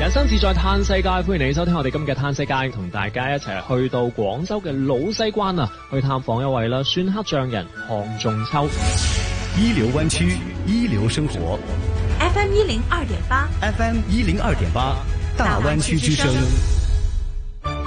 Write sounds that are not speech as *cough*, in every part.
人生自在嘆世界，歡迎你收聽我哋今日嘅《嘆世界》，同大家一齊去到廣州嘅老西關啊，去探訪一位啦，酸黑匠人黃仲秋，一流灣區，一流生活。FM 一零二點八。FM 一零二點八，大灣區之聲。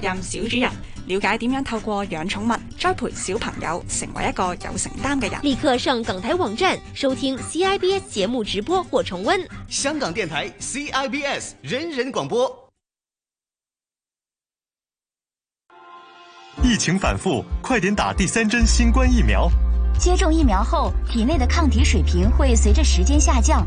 任小主人了解點樣透過養寵物栽培小朋友成為一個有承擔嘅人。立刻上港台網站收聽 CIBS 節目直播或重温。香港電台 CIBS 人人廣播。疫情反覆，快點打第三針新冠疫苗。接種疫苗後，體內的抗體水平會隨着時間下降。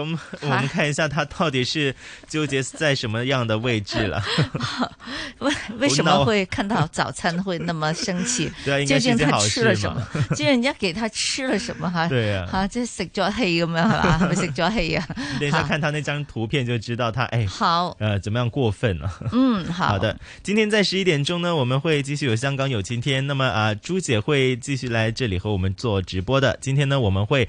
我們我們看一下他到底是糾結在什麼樣的位置了？為 *laughs* 為什麼會看到早餐會那麼生氣？究竟他吃了什麼？究竟人家給他吃了什麼？哈，對呀，哈，這食咗氣咁樣啦，食咗氣啊！一， *laughs* 對啊 *laughs* 等一下看他那張圖片就知道他哎，好呃怎麼樣過分了、啊？嗯，好，好的。今天在十一點鐘呢，我們會繼續有香港有晴天。那麼啊，朱姐會繼續來這裡和我們做直播的。今天呢，我們會。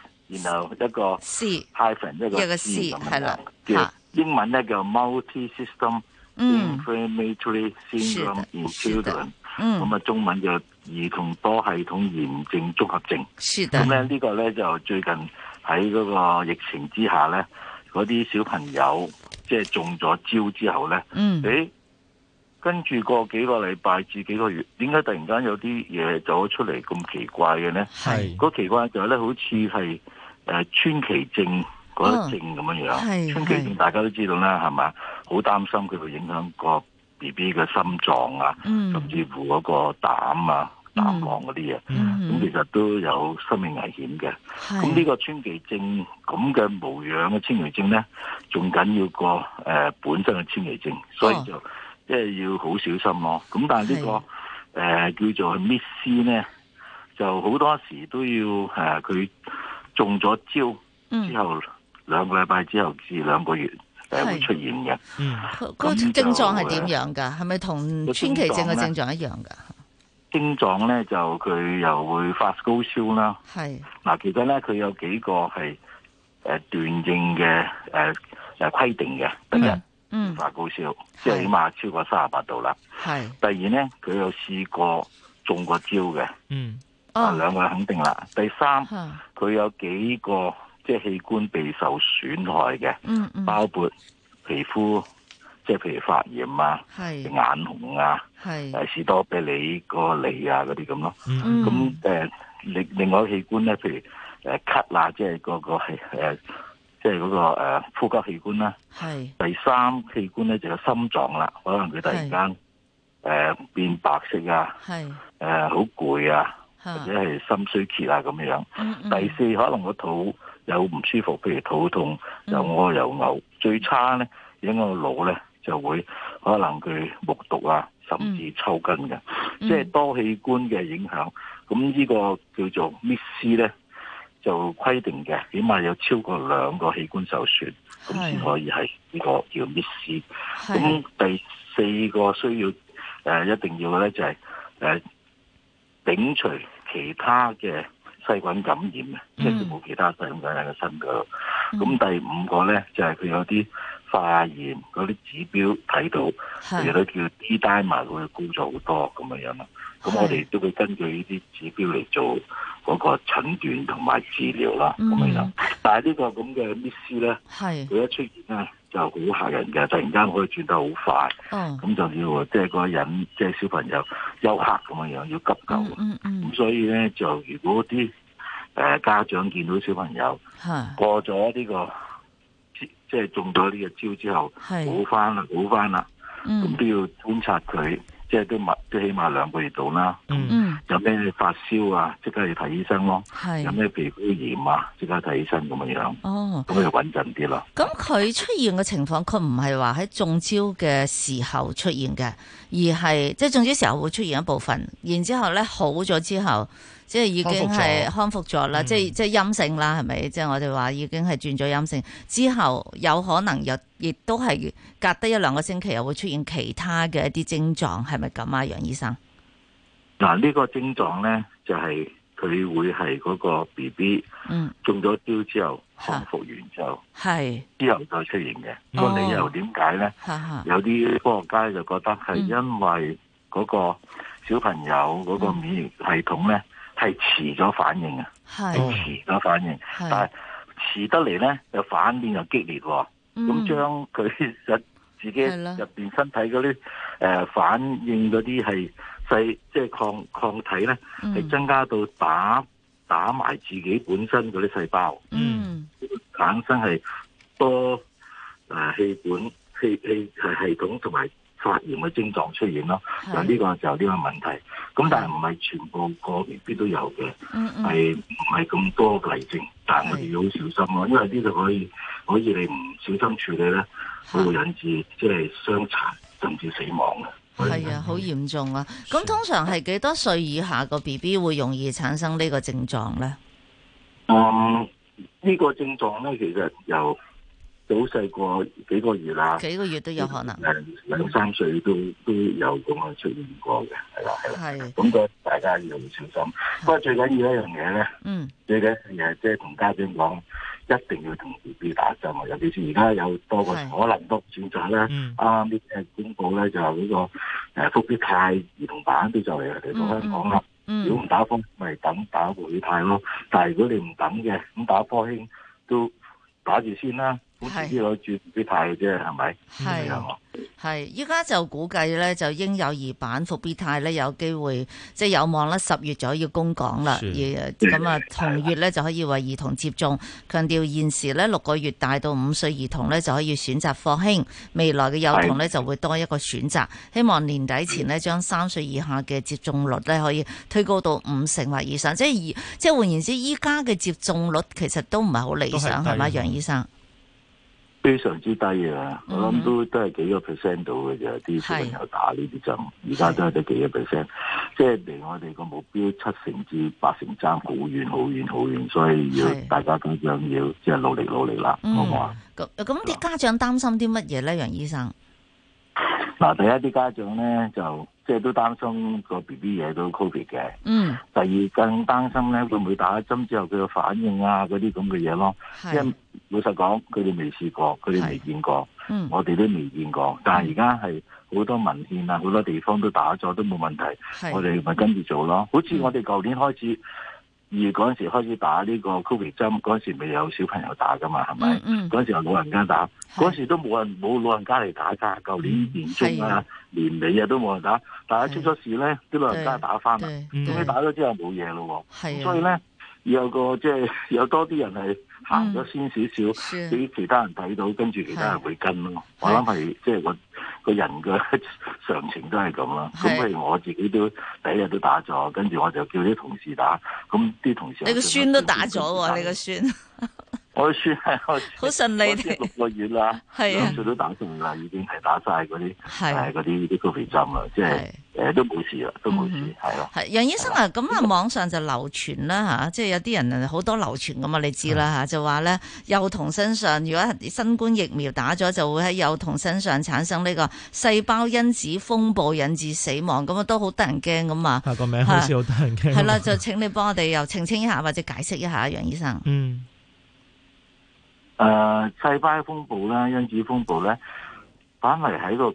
然後一個 C，一個 C，係啦。英文咧叫 multi-system inflammatory syndrome in children，是的。嗯，咁啊，中文就兒童多系統炎症綜合症。咁咧呢個咧就最近喺嗰個疫情之下咧，嗰啲小朋友即係中咗招之後咧，嗯，跟住過幾個禮拜，至幾個月，點解突然間有啲嘢走出嚟咁奇怪嘅咧？係。嗰奇怪就係咧，好似係。誒、啊，川崎症嗰個症咁樣、哦、樣，川崎症大家都知道啦，係咪？好擔心佢會影響個 B B 嘅心臟啊，嗯、甚至乎嗰個膽啊、膽囊嗰啲嘢，咁、嗯嗯、其實都有生命危險嘅。咁呢是個川崎症咁嘅模樣嘅川崎症咧，仲緊要過誒、呃、本身嘅川崎症，所以就、哦、即係要好小心咯、啊。咁但係、這、呢個誒是、呃、叫做 MIS-C 呢，就好多時都要誒佢。呃中咗招之後兩個禮拜之後至兩個月第一會出現嘅。嗯，個症狀係點樣噶？係咪同川崎症嘅症狀一樣噶？症狀咧就佢又會發高燒啦。係嗱，其實咧佢有幾個係誒斷症嘅誒誒規定嘅，第一，嗯，發高燒即係起碼超過三十八度啦。係第二咧，佢有試過中過招嘅。嗯。啊，兩個、oh. 肯定啦。第三，佢 Huh. 有幾個即係、就是、器官備受損害嘅，mm hmm. 包括皮膚，即、就、係、是、譬如發炎啊，是眼紅啊，誒是、啊、士多啤梨個脷啊嗰啲咁咯。咁誒、mm hmm. 呃，另另外器官咧，譬如誒、呃、咳啊，即係嗰個係誒，即、呃、係、就是那個誒、呃、呼吸器官啦。係是第三器官咧，就有、是、心臟啦。可能佢突然間誒是、呃、變白色啊，誒好攰啊。或者係心衰竭啊咁樣，嗯嗯，第四可能個肚有唔舒服，譬如肚痛又屙又嘔，最差咧影響個腦咧就會可能佢木毒啊，甚至抽筋嘅，嗯、即係多器官嘅影響。咁呢、嗯、個叫做 MIS-C 咧，就規定嘅，起碼有超過兩個器官受損，咁先是可以係呢個叫 MIS-C。咁是第四個需要誒、呃、一定要嘅咧就係、是、誒。呃摒除其他嘅細菌感染嘅，即係冇其他細菌感染嘅身嘅咯。咁第五個咧就係、是、佢有啲。化驗嗰啲指標睇到，有啲是叫 D-Dimer 會高咗好多咁嘅樣啦。咁是我哋都會根據呢啲指標嚟做嗰個診斷同埋治療啦咁、嗯、樣。嗯、但係呢個咁嘅 miss 咧，佢一出現咧就好嚇人嘅，突然間可以轉得好快，咁、嗯、就要即係嗰個人即係、就是、小朋友休克咁嘅樣，要急救。咁、嗯嗯、所以咧就如果啲誒、呃、家長見到小朋友是過咗呢、這個。即係中咗呢個招之後，好翻啦，好翻啦，咁、嗯、都要觀察佢，即係都係都起碼兩個月度啦。嗯、有咩發燒啊，即刻要睇醫生咯。是有咩皮膚炎啊，即刻睇醫生咁樣樣。哦，咁就穩陣啲啦。咁佢出現嘅情況，佢唔係話喺中招嘅時候出現嘅，而係即係中招時候會出現一部分，然之後咧好咗之後。即係已經係康復咗啦，即係即係陰性啦，係咪？即係我哋話已經係轉咗陰性之後，有可能又亦都係隔得一兩個星期又會出現其他嘅一啲症狀，係咪咁啊，楊醫生？嗱，呢個症狀咧就係、是、佢會係嗰個 B B、嗯、中咗招之後康復完之後，係、啊、之後再出現嘅。咁的、嗯、理由點解咧？啊、有啲科學家就覺得係因為嗰個小朋友嗰個免疫系統咧。嗯嗯係遲咗反應啊，係遲咗反應，但係遲得嚟咧又反應又激烈，咁將佢自己入邊身體嗰啲誒反應嗰啲係細即係抗抗體咧，係、嗯、增加到打打埋自己本身嗰啲細胞，嗯，產生係多誒氣管氣氣系統同埋。發炎嘅症狀出現咯，就呢是個就呢個問題。咁但係唔係全部個 B B 都有嘅，係唔係咁多例症，但係我哋要好小心咯。是因為呢度可以，可以你唔小心處理咧，是會引致即係傷殘甚至死亡嘅。係啊，好嚴重啊！咁通常係幾多歲以下個 B B 會容易產生呢個症狀咧？啊、嗯，呢、嗯、個症狀咧其實由。好細個幾個月啦，幾個月都有可能，兩三歲都都有咁樣出現過嘅，係啦係啦，咁的大家要小心。的不過最緊要一樣嘢咧，的嗯，最緊即係同家長講，一定要同 B B 打針啊！尤其是而家有多個可能多選擇咧，啱啱啲誒公布咧就呢、是、個誒復必泰兒童版都就嚟嚟到香港啦。嗯嗯、如果唔打風咪等打復必泰咯，但係如果你唔等嘅咁打科興都打住先啦。係，攞住復必泰嘅啫，係咪？係係，依家就估計咧，就嬰幼兒版復必泰咧有機會即係、就是、有望啦，十月就可以供港啦。咁啊，同月咧就可以為兒童接種，強調現時咧六個月大到五歲兒童咧就可以選擇放輕未來嘅幼童咧就會多一個選擇，的希望年底前呢，將三歲以下嘅接種率咧可以推高到五成或以上。即係而即係換言之，依家嘅接種率其實都唔係好理想，係嘛？楊醫生？非常之低啊！我諗都都係幾個 percent 度嘅啫，啲小朋友打呢啲針，而家都係得幾個 percent，即係離我哋個目標七成至八成爭好遠好遠好遠，所以要大家要是大家長要即係努力努力啦，mm hmm. 好唔好啊？咁咁啲家長擔心啲乜嘢咧，楊醫生？嗱，第一啲家長咧就。即係都擔心個 B B 嘢都 Covid 嘅， *noise* 嗯，第二更擔心咧，會唔會打針之後佢嘅反應啊，嗰啲咁嘅嘢咯。因為是老實講，佢哋未試過，佢哋未見過，是我哋都未見過。嗯、但係而家係好多文獻啊，好多地方都打咗都冇問題，是我哋咪跟住做咯。好似我哋舊年開始。嗯嗯而嗰陣時開始打呢個 COVID 針，嗰陣時未有小朋友打噶嘛，係咪？嗰陣、嗯嗯、時係老人家打，嗰陣時都冇人冇老人家嚟打㗎，舊年年中啊，年尾啊都冇人打，但係出咗事咧，啲老人家打翻啦，咁樣打咗之後冇嘢咯喎，所以咧有個即係、就是、有多啲人係。行咗先少少，俾、 *music* 嗯、其他人睇到，跟住其他人會跟咯。是我諗係即係個個人嘅常情都係咁啦。咁譬是如我自己都第一日都打咗，跟住我就叫啲同事打。咁啲同事你個孫都打咗喎、啊，你個孫。 *laughs* 我算係好順利，六個月啦，係啊，全都打中啦，已經係打晒嗰啲係嗰啲啲高肥針啦，即係誒都冇事啦，都冇事係咯。係楊醫生啊，咁啊網上就流傳啦吓，即係有啲人好多流傳㗎嘛，你知啦吓，就話咧幼童身上如果新冠疫苗打咗，就會喺幼童身上產生呢個細胞因子風暴引致死亡，咁啊都好得人驚咁啊。個名好似好得人驚。係啦，就請你幫我哋又澄清一下或者解釋一下，楊醫生。嗯。誒，細胞、呃、風暴啦，因子風暴咧，反而喺個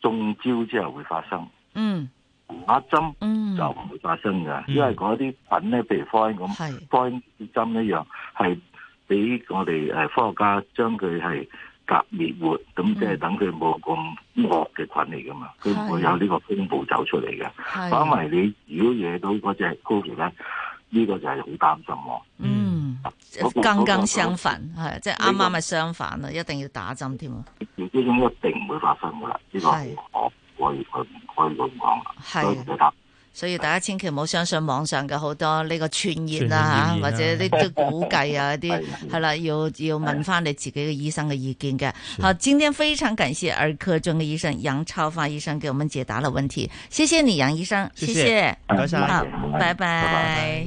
中招之後會發生。嗯，打針就唔會發生㗎。嗯、因為嗰啲菌咧，譬如科興咁，是科興針一樣係俾我哋誒，科學家將佢係隔滅活，咁即係等佢冇咁惡嘅菌嚟噶嘛，佢唔會、嗯、有呢個風暴走出嚟嘅。的反而你如果惹到嗰隻高潮咧，呢、這個就係好擔心喎。嗯。嗯啱啱相反係，即係啱啱咪相反一定要打針添。呢種一定唔會發生噶啦，呢個我我我唔可以咁講。係，所以大家千祈唔好相信網上嘅好多呢個傳言啊，吓，或者呢啲估計啊啲。係啦，要要問返你自己嘅醫生嘅意見嘅。好，今天非常感謝兒科專科醫生楊超發醫生給我們解答咗問題。謝謝你，楊醫生。謝謝。好，拜拜。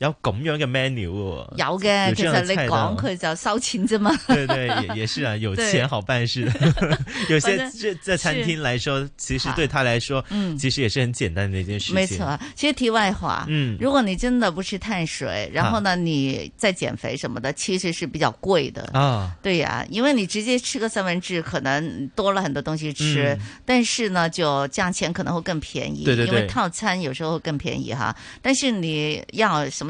有咁樣嘅 menu 喎，有嘅，其實你講佢就收錢啫嘛。對對，也也是啊，有錢好辦事。有些在在餐廳來說，其實對他來說，嗯，其實也是很簡單的一件事。沒錯，其實題外話，嗯，如果你真的不吃碳水，然後呢，你在減肥什麼的，其實是比較貴的啊。對呀，因為你直接吃個三文治，可能多了很多東西吃，但是呢，就價錢可能會更便宜。對，因為套餐有時候會更便宜哈。但是你要什麼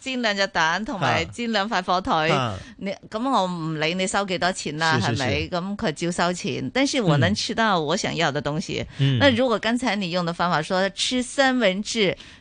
煎兩隻蛋同埋煎兩塊火腿，哈你咁我唔理你收幾多錢啦、啊，係咪？咁佢照收錢，但是我能吃到我想要的東西。嗯、那如果剛才你用的方法，說吃三文治。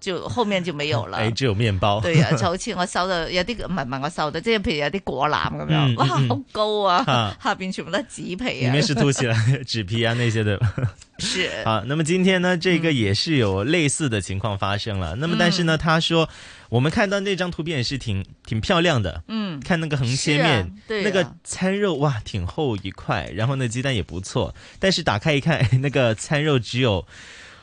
就後面就沒有了，哎，只有麵包。對呀、啊，就好似我收的，有啲，唔係唔係，我收的，即係譬如有啲果籃咁樣，哇，好高啊！啊下邊全部都係紙皮啊。裏面是凸起來紙皮啊， *laughs* 那些的。 *laughs* 是。啊，那麼今天呢，這個也是有類似的情況發生了。嗯、那麼，但是呢，他說我們看到那張圖片也是挺挺漂亮的，嗯，看那個橫切面，啊對啊、那個餐肉哇，挺厚一塊，然後那雞蛋也不錯。但是打開一看，那個餐肉只有。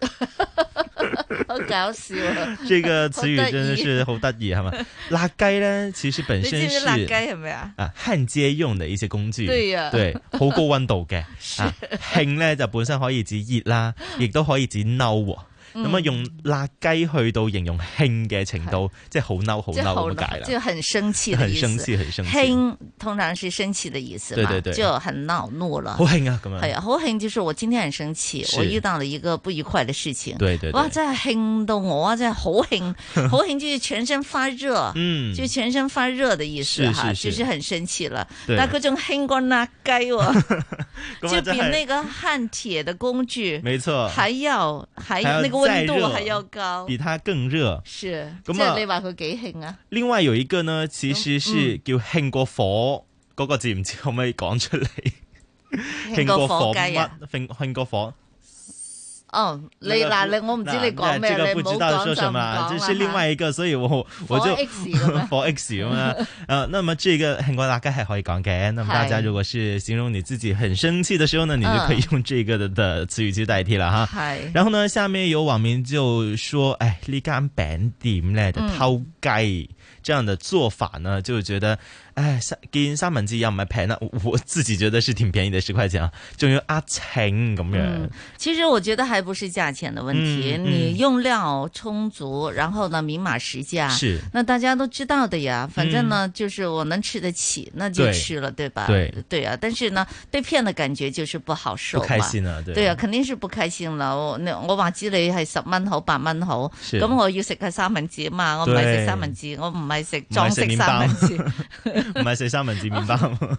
*laughs* *laughs* 好搞笑，啊，這個詞語真的是好得意，係嘛 *laughs* 趣？吧 *laughs* 辣雞咧，其實本身是 *laughs* 辣雞係咪啊，接 *laughs* 對啊？ *laughs* 啊，焊接用嚟嘅一啲工具，對呀，對，好高溫度嘅。興咧就本身可以指熱啦，亦都可以指嬲、喔。 *laughs* 咁啊，用辣雞去到形容興嘅程度，即係好嬲，好嬲咁解啦。就很生氣嘅意思。興通常是生氣的意思嘛，就很惱怒了。好興啊，咁樣係啊，好興就是我今天很生氣，我遇到了一個不愉快的事情。對對，哇，真係興到我，真係好興，好興就是全身發熱，嗯，就全身發熱的意思吓，就是很生氣了。但嗰種興過辣雞喎，就比那個焊鐵的工具，沒錯，還要還要那個。溫度還要高，比它更熱。是，咁啊，即你話佢幾興啊？另外有一個呢，其實是叫興過火嗰個字，唔知可唔可以講出嚟？興過火乜？興過火？嗯哦，你嗱你我唔知你講咩，你唔好講就講啦。講啊！這是另外一個，所以我我就 For X 個，For X 嘛，啊，那麼這個很我大概可以講嘅，那麼大家如果是形容你自己很生氣的時候呢，你就可以用這個的的詞語去代替啦，哈。係。然後呢，下面有網民就說，哎呢間餅店咧就偷雞，這樣的做法呢，就覺得。哎三見三文治要唔係平，我自己覺得是挺便宜的十塊錢啊，仲有阿晴咁樣。其實我覺得還不是價錢的問題，你用料充足，然後呢明碼實價，那大家都知道的呀。反正呢，就是我能吃得起，那就吃了，對吧？對，對啊。但是呢，被騙的感覺就是不好受，不開心啊。對啊，肯定是不開心了。我那我話知你係十蚊好八蚊好，咁我要食個三文治啊嘛，我唔係食三文治，我唔係食裝飾三文治。唔係食三文治麵包。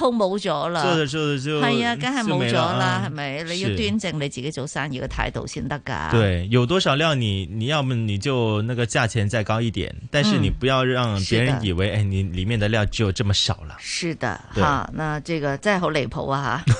都冇咗啦，係啊，梗係冇咗啦，係咪是？你要端正你自己做生意嘅態度先得噶。對，有多少料你，你你要唔你就那個價錢再高一點，但是你不要讓別人以為，誒、嗯哎，你裏面的料只有這麼少了。是的，好對，那這個真係好離譜啊！ *laughs*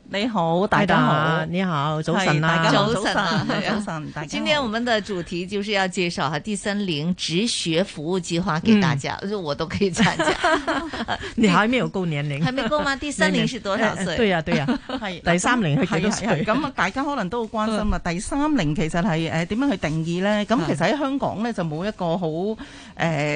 你好，大家好，你好，早晨啊，早晨啊，早晨，大家。今天我們的主題就是要介紹吓第三齡直學服務計劃給大家，我都可以參加。你還沒夠年齡？還沒夠嗎？第三齡是多少歲？對啊，對啊。係第三齡係幾多歲？咁啊，大家可能都好關心啊。第三齡其實係誒點樣去定義咧？咁其實喺香港咧就冇一個好誒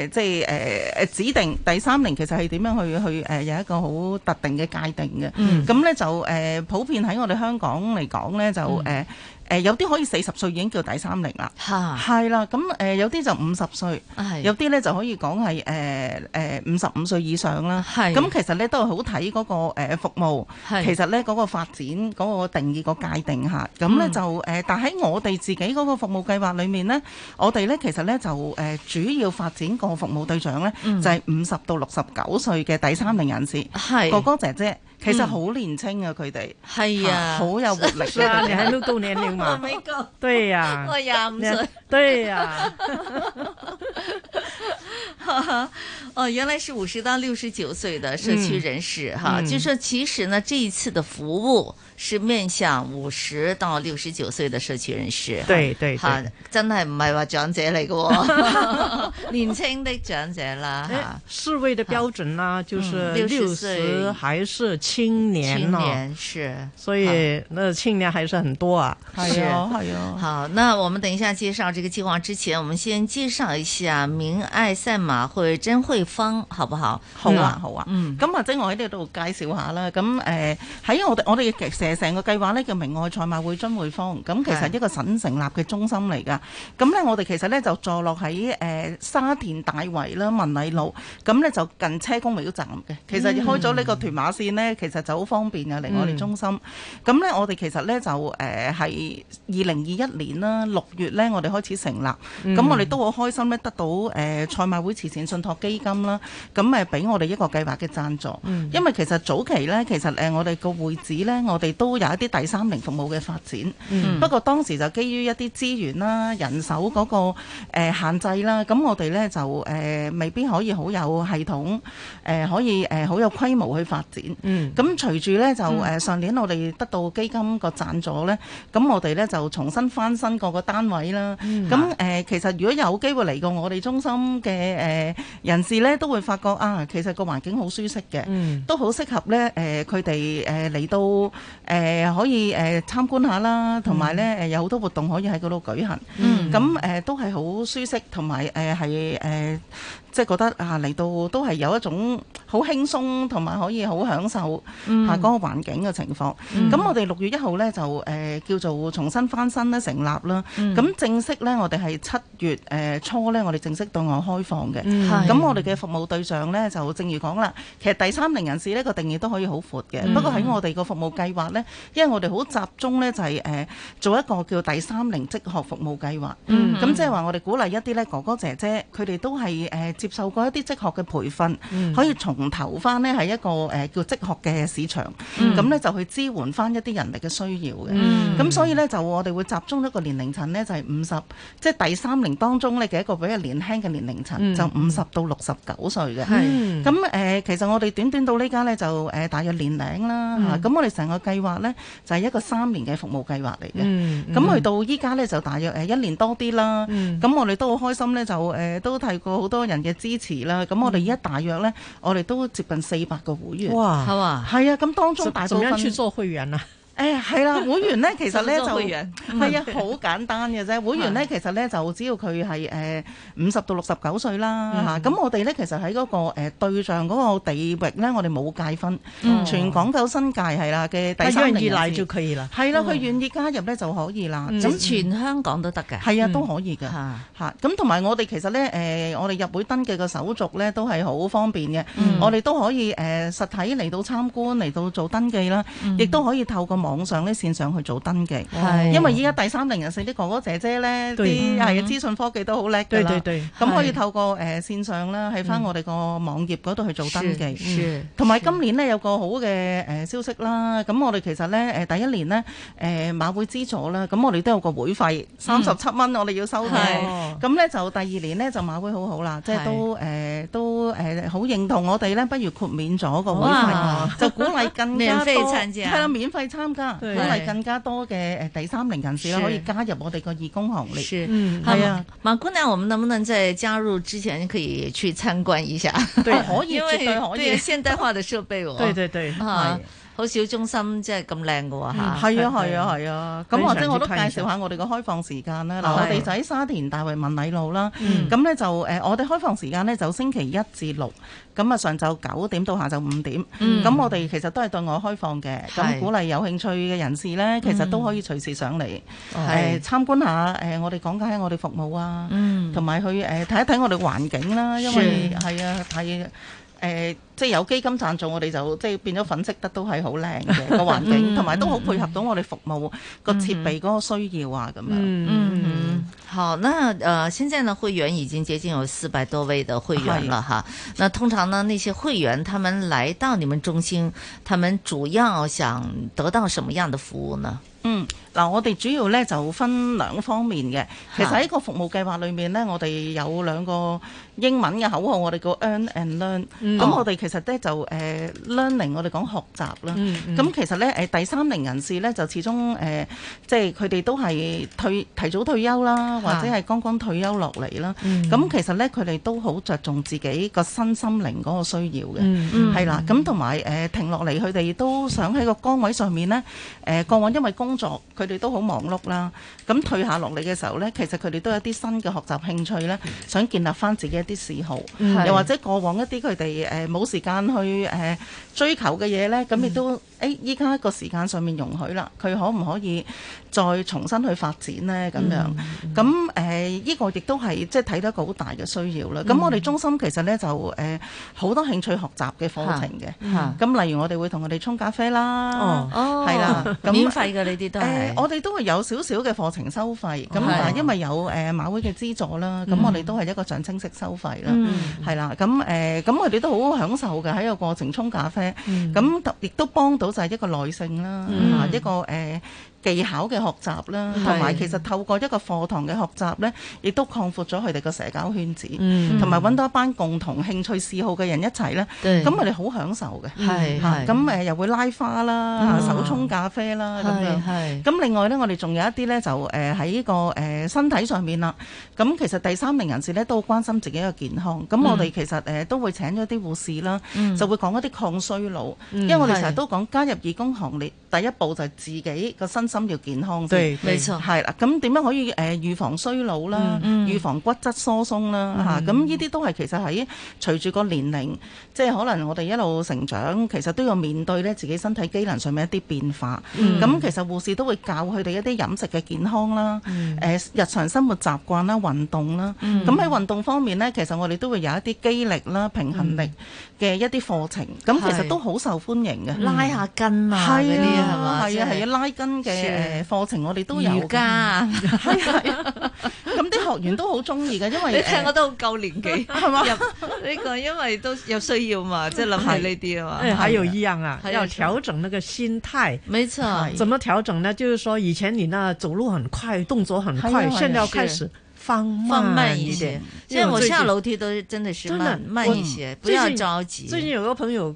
即係誒誒指定第三齡其實係點樣去去誒有一個好特定嘅界定嘅。咁咧就誒。普遍喺我哋香港嚟講呢，就誒誒、嗯呃、有啲可以四十歲已經叫第三齡啦，係啦、啊，咁誒、呃、有啲就五十歲，的有啲呢就可以講係誒誒五十五歲以上啦。咁的其實呢都係好睇嗰個服務，的其實呢嗰、那個發展嗰、那個定義、那個界定嚇，咁、嗯、呢就誒、呃，但喺我哋自己嗰個服務計劃裏面呢，我哋呢其實呢就誒、呃、主要發展個服務對象呢，嗯、就係五十到六十九歲嘅第三齡人士，的哥哥姐姐。其實好年輕啊，佢哋係啊，好有活力啦、啊！啊、你還沒到年齡嘛？Oh、對呀、啊，我廿五歲。對呀、啊，對啊、哦，原來是五十到六十九歲的社區人士哈、嗯啊，就是、說其實呢，這一次的服務。是面向五十到六十九歲的社區人士。對對，真係唔係話長者嚟嘅，年輕的長者啦。誒，世衛的標準呢？就是六十還是青年？青年？是，所以那青年還是很多啊。是啊，是啊。好，那我們等一下介紹這個計劃之前，我們先介紹一下明愛賽馬會真會坊。好不好？好啊，好啊。咁或者我喺呢度介紹下啦。咁誒，喺我哋我哋嘅。成成個計劃咧叫明愛賽馬會津匯坊，咁其實一個新成立嘅中心嚟㗎。咁呢，我哋其實呢，就坐落喺誒沙田大圍啦、文禮路，咁呢就近車公廟站嘅。其實開咗呢個屯馬線呢，嗯、其實就好方便呀嚟我哋中心。咁呢、嗯、我哋其實呢，就誒係二零二一年啦，六月呢，我哋開始成立。咁、嗯、我哋都好開心呢，得到誒賽馬會慈善信託基金啦，咁誒俾我哋一個計劃嘅贊助。嗯、因為其實早期呢，其實誒我哋個會址呢，我哋都有一啲第三名服務嘅發展，嗯、不過當時就基於一啲資源啦、人手嗰、那個、呃、限制啦，咁我哋呢就誒、呃、未必可以好有系統，誒、呃、可以誒好、呃、有規模去發展。咁、嗯、隨住呢就，就誒、嗯呃、上年我哋得到基金個贊助呢，咁我哋呢就重新翻新個個單位啦。咁誒、嗯啊呃、其實如果有機會嚟過我哋中心嘅誒人士呢，都會發覺啊，其實個環境好舒適嘅，嗯、都好適合呢，誒佢哋誒嚟到。誒、呃、可以誒、呃、參觀下啦，同埋咧誒有好、呃、多活動可以喺嗰度舉行，咁誒、嗯呃、都係好舒適，同埋誒係誒即係覺得啊嚟到都係有一種好輕鬆同埋可以好享受下嗰環境嘅情況，咁、mm hmm. mm hmm. 我哋六月一號咧就誒、呃、叫做重新翻新咧成立啦。咁、mm hmm. 正式咧我哋係七月誒初咧我哋正式對外開放嘅。咁、mm hmm. 我哋嘅服務對象咧就正如講啦，其實第三齡人士呢個定義都可以好闊嘅。Mm hmm. 不過喺我哋個服務計劃咧，因為我哋好集中咧就係、是、誒做一個叫第三齡職學服務計劃。咁即係話我哋鼓勵一啲咧哥哥姐姐佢哋都係誒、呃、接受過一啲職學嘅培訓、mm hmm. 可以從。投翻呢，係一個叫職學嘅市場，咁呢、嗯，就去支援翻一啲人力嘅需要嘅，咁、嗯、所以呢，就我哋會集中一個年齡層呢就係五十，即係第三齡當中呢嘅一個比較年輕嘅年齡層，嗯、就五十到六十九歲嘅。咁、嗯是呃、其實我哋短短到呢家呢，就、呃、大約年零啦，咁、嗯、我哋成個計劃呢，就係、是、一個三年嘅服務計劃嚟嘅。咁去、嗯、到依家呢，就大約一年多啲啦。咁、嗯、我哋都好開心呢，就、呃、都睇過好多人嘅支持啦。咁我哋依家大約呢。我哋。都接近四百個會員，哇，係嘛嗎，係啊，咁當中大家點樣去做會員啊？誒係啦，會員咧其實咧就係啊，好簡單嘅啫。會員咧其實咧就只要佢係誒五十到六十九歲啦嚇。咁我哋咧其實喺嗰個誒對象嗰個地域咧，我哋冇界分，全港九新界係啦嘅。係願意嚟就可以啦。係啦，佢願意加入咧就可以啦。咁全香港都得嘅。係啊，都可以嘅嚇。咁同埋我哋其實咧誒，我哋入會登記嘅手續咧都係好方便嘅。我哋都可以誒實體嚟到參觀嚟到做登記啦，亦都可以透過。網上啲線上去做登記，因為依家第三齡人士啲哥哥姐姐咧，啲係資訊科技都好叻嘅啦。咁可以透過誒線上啦，喺翻我哋個網頁嗰度去做登記。同埋今年呢，有個好嘅誒消息啦。咁我哋其實咧誒第一年呢，誒馬會資助啦，咁我哋都有個會費三十七蚊，我哋要收嘅。咁咧就第二年呢，就馬會好好啦，即係都誒都誒好認同我哋咧，不如豁免咗個會費，就鼓勵更加多係咯，免費參。因勵更，更加多嘅誒第三齡人士啦，可以加入我哋個義工行列。嗯，係啊，啊。馬姑娘，我們能不能在加入之前可以去參觀一下？對，可以，因為、啊、對現代化的設備哦、嗯。對對對，啊。對好少中心即係咁靚嘅喎嚇，係啊係啊係啊！咁或者我都介紹下我哋嘅開放時間啦。嗱，我哋就喺沙田大圍文禮路啦。咁咧就誒我哋開放時間咧就星期一至六，咁啊上晝九點到下晝五點。咁我哋其實都係對外開放嘅，咁鼓勵有興趣嘅人士咧，其實都可以隨時上嚟誒參觀下。誒，我哋講解下我哋服務啊，同埋去誒睇一睇我哋環境啦。因為係啊，誒、呃，即係有基金贊助，我哋就即係變咗粉飾得都係好靚嘅個環境，同埋都好配合到我哋服務個設 *laughs* 備嗰個需要啊咁樣。 *laughs* 嗯，嗯嗯好，那誒、呃，現在呢會員已經接近有四百多位嘅會員啦吓是、啊。那通常呢那些會員，他們來到你們中心，他們主要想得到什麼樣的服務呢？嗯。嗱，我哋主要咧就分兩方面嘅。其實喺個服務計劃裏面咧，我哋有兩個英文嘅口號，我哋叫 earn and learn、嗯。咁、嗯、我哋其實咧就誒 learning，我哋講學習啦。咁、嗯嗯、其實咧誒第三齡人士咧就始終誒、呃、即係佢哋都係退提早退休啦，嗯、或者係剛剛退休落嚟啦。咁、嗯、其實咧佢哋都好着重自己個身心靈個需要嘅，係、嗯嗯、啦。咁同埋誒停落嚟，佢哋都想喺個崗位上面咧誒、呃、過往因為工作佢佢哋都好忙碌啦，咁退下落嚟嘅時候呢，其實佢哋都有啲新嘅學習興趣咧，嗯、想建立翻自己一啲嗜好，是又或者過往一啲佢哋誒冇時間去誒、呃、追求嘅嘢呢，咁亦都誒，依家個時間上面容許啦，佢可唔可以再重新去發展呢？咁樣，咁誒、嗯，呢、嗯呃這個亦都係即係睇到一個好大嘅需要啦。咁、嗯、我哋中心其實呢，就誒好、呃、多興趣學習嘅課程嘅，咁、嗯嗯、例如我哋會同佢哋沖咖啡啦，哦，係、哦、啦， *laughs* 免費嘅呢啲都我哋都係有少少嘅課程收費，咁、嗯、啊，因為有誒馬會嘅資助啦，咁我哋都係一個象徵式收費啦，係啦，咁誒，咁我哋都好好享受嘅喺個過程沖咖啡，咁、嗯、亦都幫到就係一個耐性啦、嗯啊，一個誒。呃技巧嘅學習啦，同埋其實透過一個課堂嘅學習咧，亦都擴闊咗佢哋個社交圈子，同埋揾到一班共同興趣嗜好嘅人一齊咧。咁我哋好享受嘅。咁誒又會拉花啦，手沖咖啡啦咁樣，咁另外咧，我哋仲有一啲咧，就誒喺呢個誒身體上面啦。咁其實第三名人士咧都關心自己嘅健康。咁我哋其實誒都會請咗啲護士啦，就會講一啲抗衰老，因為我哋成日都講加入義工行列，第一步就係自己個身。心要健康，對，沒錯，係啦。咁點樣可以誒預防衰老啦，預防骨質疏鬆啦，吓，咁呢啲都係其實喺隨住個年齡，即係可能我哋一路成長，其實都要面對咧自己身體機能上面一啲變化。咁其實護士都會教佢哋一啲飲食嘅健康啦，誒日常生活習慣啦，運動啦。咁喺運動方面呢，其實我哋都會有一啲肌力啦、平衡力嘅一啲課程。咁其實都好受歡迎嘅，拉下筋啊，係嘛，係啊係啊，拉筋嘅。誒，課程我哋都有瑜伽，係係，咁啲學員都好中意嘅，因為你聽我都好夠年紀，係嘛？呢個因為都有需要嘛，即係諗下呢啲啊嘛。誒，還有一樣啊，要調整那個心態。沒錯，怎麼調整呢？就是說，以前你那走路很快，動作很快，現在開始放放慢一點。現在我下樓梯都真的是慢慢一些，不要着急。最近有個朋友。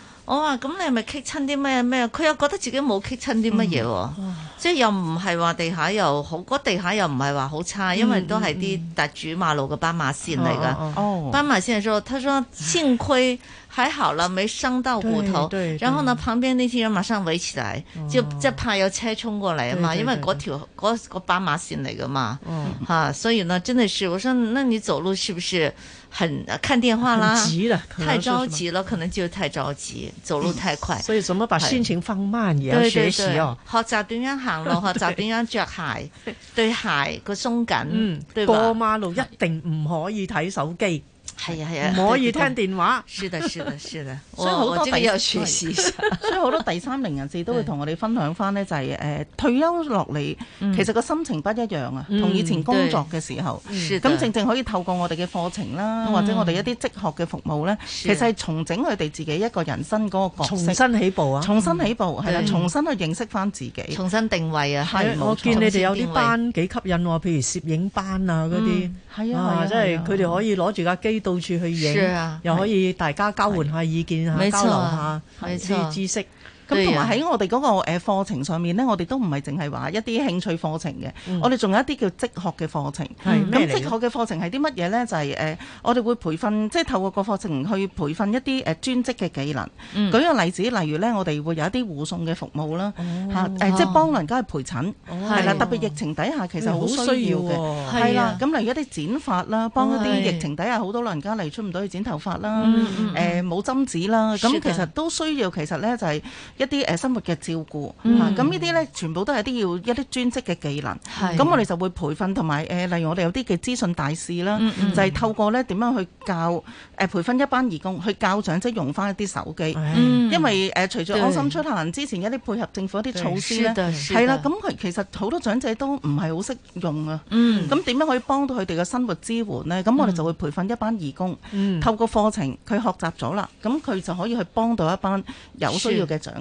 我話咁你係咪磕親啲咩咩？佢又覺得自己冇磕親啲乜嘢喎，即係、嗯、又唔係話地下又好，嗰地下又唔係話好差，嗯嗯、因為都係啲大主馬路嘅斑馬線嚟噶。哦哦哦、斑馬線嘅時候，他說幸虧還好了，沒傷到骨頭。然後呢，對旁邊呢啲人馬上圍起來，即怕有車衝過嚟啊嘛，嗯、對對對因為嗰條嗰斑馬線嚟噶嘛。吓、嗯啊，所以呢，真係是我說，那你走路是不是？很看電話啦，太着急了，可能就太着急，走路太快、嗯，所以怎麼把心情放慢，也要學習。學習點樣行路， *laughs* 對學習點樣著鞋，對鞋個鬆緊，嗯，過馬路一定唔可以睇手機。.係啊，係啊，唔可以聽電話。所以好多，有事所以好多第三名人士都會同我哋分享翻呢，就係誒退休落嚟，其實個心情不一樣啊，同以前工作嘅時候。咁正正可以透過我哋嘅課程啦，或者我哋一啲職學嘅服務呢，其實係重整佢哋自己一個人生嗰個角色。重新起步啊！重新起步，係啦，重新去認識翻自己。重新定位啊！我見你哋有啲班幾吸引喎，譬如攝影班啊嗰啲，係啊，即係佢哋可以攞住架機，到處去影，啊、又可以大家交換下意見，啊、交流下啲知識。咁同埋喺我哋嗰個誒課程上面呢，我哋都唔係淨係話一啲興趣課程嘅，我哋仲有一啲叫職學嘅課程。咁職學嘅課程係啲乜嘢呢？就係誒，我哋會培訓，即係透過個課程去培訓一啲誒專職嘅技能。舉個例子，例如呢，我哋會有一啲護送嘅服務啦，即係幫老人家去陪診，係啦。特別疫情底下，其實好需要嘅。係啦，咁例如一啲剪髮啦，幫一啲疫情底下好多老人家嚟出唔到去剪頭髮啦，誒冇針子啦，咁其實都需要。其實呢就係。一啲生活嘅照顧，咁呢啲咧全部都係啲要一啲專職嘅技能，咁我哋就會培訓，同埋例如我哋有啲嘅資訊大使啦，就係透過咧點樣去教誒培訓一班義工去教長者用翻一啲手機，因為隨住安心出行之前一啲配合政府一啲措施咧，係啦，咁其實好多長者都唔係好識用啊，咁點樣可以幫到佢哋嘅生活支援咧？咁我哋就會培訓一班義工，透過課程佢學習咗啦，咁佢就可以去幫到一班有需要嘅長。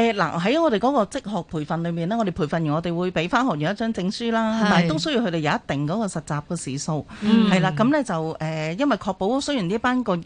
誒嗱喺我哋嗰個職學培訓裏面咧，我哋培訓完我哋會俾翻學員一張證書啦，是但係都需要佢哋有一定嗰個實習嘅時數，係啦、嗯，咁咧就誒、呃，因為確保雖然呢班個。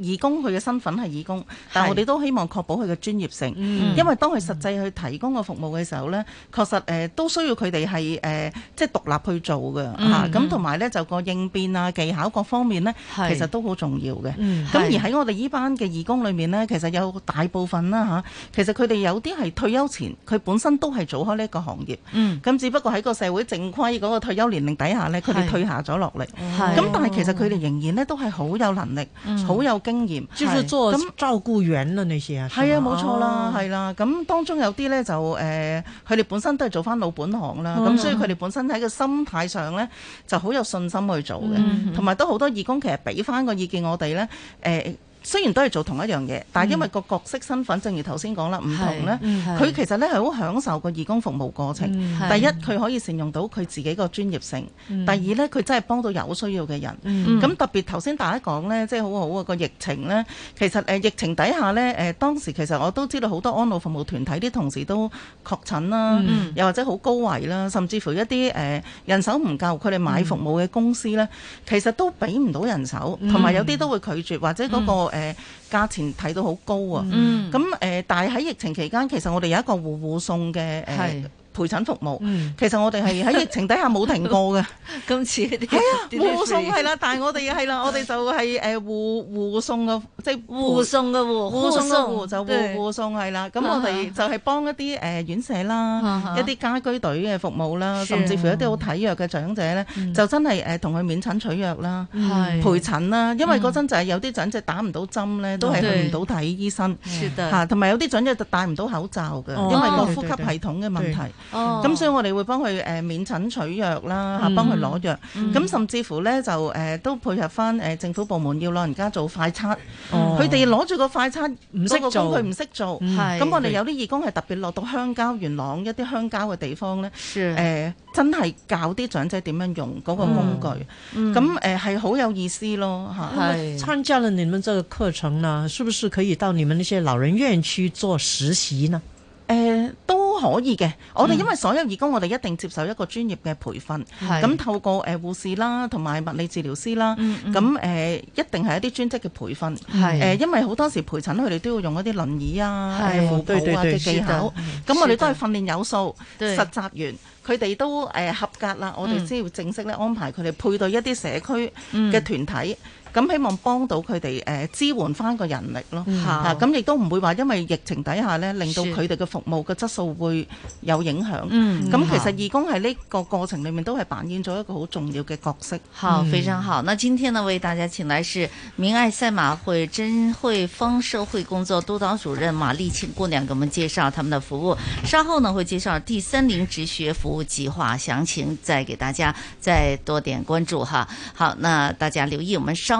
義工佢嘅身份係義工，但係我哋都希望確保佢嘅專業性，因為當佢實際去提供個服務嘅時候咧，確實誒都需要佢哋係誒即係獨立去做㗎。咁同埋呢，就個應變啊技巧各方面呢，其實都好重要嘅。咁而喺我哋呢班嘅義工裏面呢，其實有大部分啦嚇，其實佢哋有啲係退休前，佢本身都係做開呢個行業，咁只不過喺個社會正規嗰個退休年齡底下呢，佢哋退下咗落嚟，咁但係其實佢哋仍然呢，都係好有能力，好有經驗，咁照顧員呢啲啊係啊，你似係啊，冇錯啦，係啦，咁當中有啲咧就，誒、呃，佢哋本身都係做翻老本行啦，咁、嗯、哼所以佢哋本身喺個心態上咧就好有信心去做嘅，同埋都好多義工其實俾翻個意見我哋咧，誒、呃。雖然都係做同一樣嘢，嗯、但係因為個角色身份，正如頭先講啦，唔同咧。佢、嗯、其實咧係好享受個義工服務過程。嗯、第一，佢可以善用到佢自己個專業性；嗯、第二咧，佢真係幫到有需要嘅人。咁、嗯、特別頭先大家講咧，即係好好啊、個疫情咧，其實、呃、疫情底下咧，誒、呃、當時其實我都知道好多安老服務團體啲同事都確診啦，嗯、又或者好高危啦，甚至乎一啲、呃、人手唔夠，佢哋買服務嘅公司咧，嗯、其實都俾唔到人手，同埋、嗯、有啲都會拒絕或者嗰個、嗯。誒、呃、價錢睇到好高啊！咁誒、嗯，但係喺疫情期間，其實我哋有一個戶戶送嘅誒陪診服務，其實我哋係喺疫情底下冇停過嘅。 *laughs* 今次係啊，護送係啦， *laughs* 但係我哋係啦，我哋就係、是、誒護護送嘅，即係護送嘅護護送啦，就護送係啦。咁我哋就係幫一啲誒、呃、院舍啦，啊、哈一啲家居隊嘅服務啦，啊、哈甚至乎一啲好體弱嘅長者咧，啊、就真係誒同佢免診取藥啦，啊、陪診啦。因為嗰陣就係有啲長者打唔到針咧，都係去唔到睇醫生吓，同埋的、啊、有啲長者就戴唔到口罩嘅，哦啊、因為個呼吸系統嘅問題。哦，咁所以我哋會幫佢誒免診取藥啦，嚇幫佢攞藥。咁甚至乎咧就誒都配合翻誒政府部門要老人家做快測，佢哋攞住個快測，唔識個工具唔識做，咁我哋有啲義工係特別落到鄉郊元朗一啲鄉郊嘅地方咧，誒真係教啲長者點樣用嗰個工具，咁誒係好有意思咯嚇。係。參加了你們這個課程呢，是不是可以到你們那些老人院去做實習呢？誒、呃、都可以嘅。我哋因為所有義工，嗯、我哋一定接受一個專業嘅培訓，咁是透過誒、呃、護士啦，同埋物理治療師啦，咁誒、嗯呃、一定係一啲專職嘅培訓。誒、嗯，因為好多時陪診，佢哋都要用一啲輪椅啊、扶抱是啊嘅技巧。咁、嗯、我哋都係訓練有素，的實習完佢哋對都誒、呃、合格啦。我哋先要正式咧安排佢哋配對一啲社區嘅團體。嗯嗯。咁希望幫到佢哋誒支援翻個人力咯，嚇咁亦都唔會話因為疫情底下咧，令到佢哋嘅服務嘅質素會有影響。咁、嗯嗯、其實義工喺呢個過程裡面都係扮演咗一個好重要嘅角色。好，非常好。那今天呢為大家請來是明愛賽馬會珍惠坊社會工作督導主任馬麗青姑娘，給我們介紹他們的服務。稍後呢會介紹第三年直學服務計劃，詳情再給大家再多點關注哈。好，那大家留意，我們稍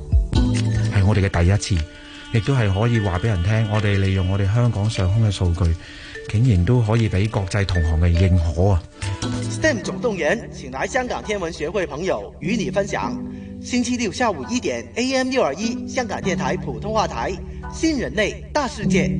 我哋嘅第一次，亦都係可以話俾人聽，我哋利用我哋香港上空嘅數據，竟然都可以俾國際同行嘅認可啊！STEM 總動員，請來香港天文學會朋友與你分享。星期六下午一點，AM 六二一，香港電台普通話台，新人類大世界。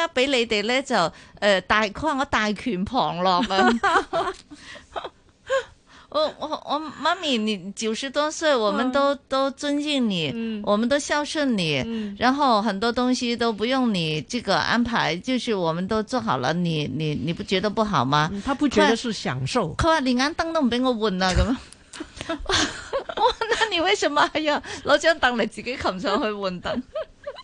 而家俾你哋咧就誒、呃、大，佢話我大權旁落啊！ *laughs* 我我我媽咪你九十多歲，我們都、嗯、都尊敬你，我們都孝順你，嗯、然後很多東西都不用你這個安排，就是我們都做好了。你你你不覺得不好嗎、嗯？他不覺得是享受。佢話你安燈都唔俾我換啊！咁，我那、 *laughs* *laughs* 啊、你為什麼呀、啊？攞張凳嚟自己擒上去換凳？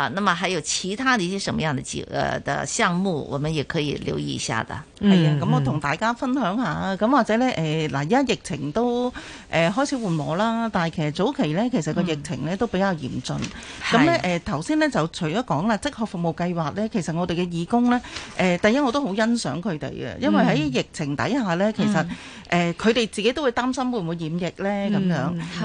啊，那麼還有其他的一些什麼樣的幾誒、呃、的項目，我們也可以留意一下的。嗯，咁、嗯啊、我同大家分享下，咁或者呢，誒、呃、嗱，而家疫情都誒、呃、開始緩和啦，但係其實早期呢，其實個疫情咧、嗯、都比較嚴峻。咁呢是，誒頭先呢，就除咗講啦，職學服務計劃呢，其實我哋嘅義工呢，誒、呃、第一我都好欣賞佢哋嘅，因為喺疫情底下呢，嗯、其實誒佢哋自己都會擔心會唔會染疫呢。咁樣，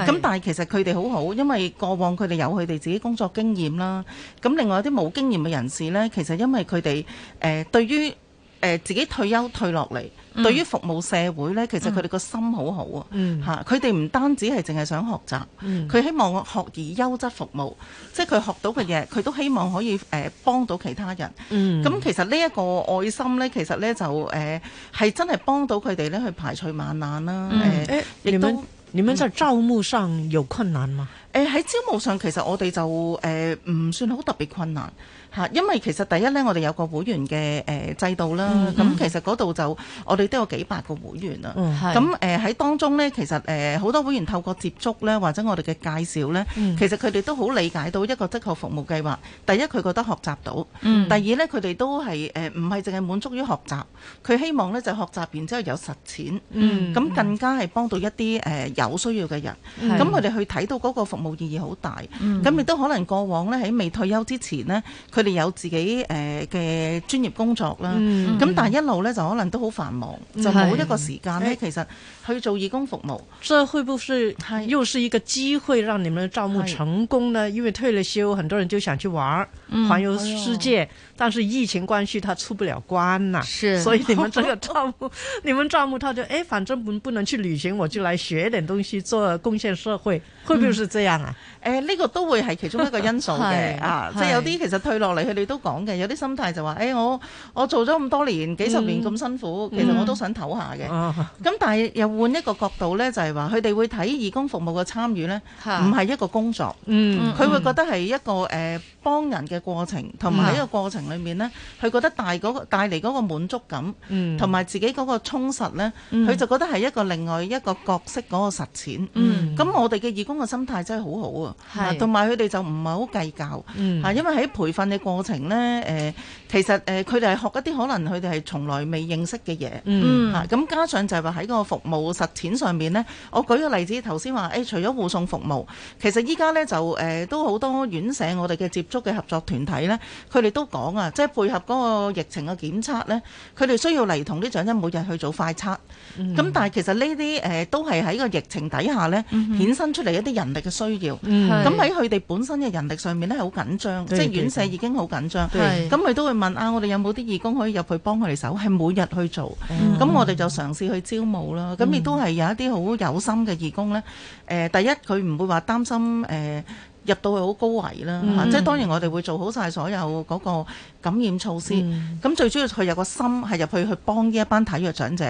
咁、嗯、但係其實佢哋好好，因為過往佢哋有佢哋自己工作經驗啦。咁另外啲冇經驗嘅人士呢，其實因為佢哋、呃、對於、呃、自己退休退落嚟，嗯、對於服務社會呢，其實佢哋個心好好啊，吓，佢哋唔單止係淨係想學習，佢、嗯、希望學而優質服務，嗯、即係佢學到嘅嘢，佢都希望可以、呃、幫到其他人。咁、嗯、其實呢一個愛心呢，其實呢就係、呃、真係幫到佢哋呢去排除萬難啦。呃嗯欸、亦都。你們在招募上有困難嗎？誒，喺招募上其實我哋就誒唔算好特別困難。因為其實第一咧，我哋有個會員嘅、呃、制度啦，咁、嗯嗯、其實嗰度就我哋都有幾百個會員啦。咁喺、嗯呃、當中咧，其實好、呃、多會員透過接觸咧，或者我哋嘅介紹咧，嗯、其實佢哋都好理解到一個職業服務計劃。第一佢覺得學習到，嗯、第二咧佢哋都係唔係淨係滿足於學習，佢希望咧就學習完之後有實踐，咁、嗯嗯、更加係幫到一啲、呃、有需要嘅人。咁佢哋去睇到嗰個服務意義好大，咁亦、嗯嗯、都可能過往咧喺未退休之前呢。佢。你有自己誒嘅專業工作啦，咁、嗯、但係一路咧就可能都好繁忙，是就冇一個時間咧。其實去做義工服務，所以會不是又是一個機會，讓你們招募成功呢？是因為退了休，很多人就想去玩，環遊、嗯、世界。哎但是疫情關係，他出不了關啊，所以你們這個賬目，你們賬目，他就誒，反正不不能去旅行，我就來學點東西做貢獻社會，會不會是這樣啊？誒呢個都會係其中一個因素嘅啊，即係有啲其實退落嚟，佢哋都講嘅，有啲心態就話誒我我做咗咁多年，幾十年咁辛苦，其實我都想唞下嘅，咁但係又換一個角度咧，就係話佢哋會睇義工服務嘅參與咧，唔係一個工作，佢會覺得係一個誒幫人嘅過程，同埋一個過程。裏面呢，佢覺得帶嚟嗰個滿足感，同埋、嗯、自己嗰個充實呢，佢就覺得係一個另外一個角色嗰個實踐。咁、嗯、我哋嘅義工嘅心態真係好好啊，同埋佢哋就唔係好計較，嗯、因為喺培訓嘅過程呢，誒其實誒佢哋係學一啲可能佢哋係從來未認識嘅嘢，咁加上就係話喺個服務實踐上面呢，我舉個例子，頭先話誒除咗護送服務，其實依家呢就誒都好多院舍我哋嘅接觸嘅合作團體呢，佢哋都講。即係配合嗰個疫情嘅檢測呢，佢哋需要嚟同啲長者每日去做快測。咁、嗯、但係其實呢啲誒都係喺個疫情底下呢衍生、嗯、哼出嚟一啲人力嘅需要。咁喺佢哋本身嘅人力上面呢，好緊張，對即係院舍已經好緊張。咁佢都會問啊，我哋有冇啲義工可以入去幫佢哋手？係每日去做。咁、嗯、我哋就嘗試去招募啦。咁亦都係有一啲好有心嘅義工呢。誒、呃，第一佢唔會話擔心誒。呃入到去好高危啦，即係當然我哋會做好晒所有嗰個感染措施。咁最主要佢有個心係入去去幫呢一班體弱長者，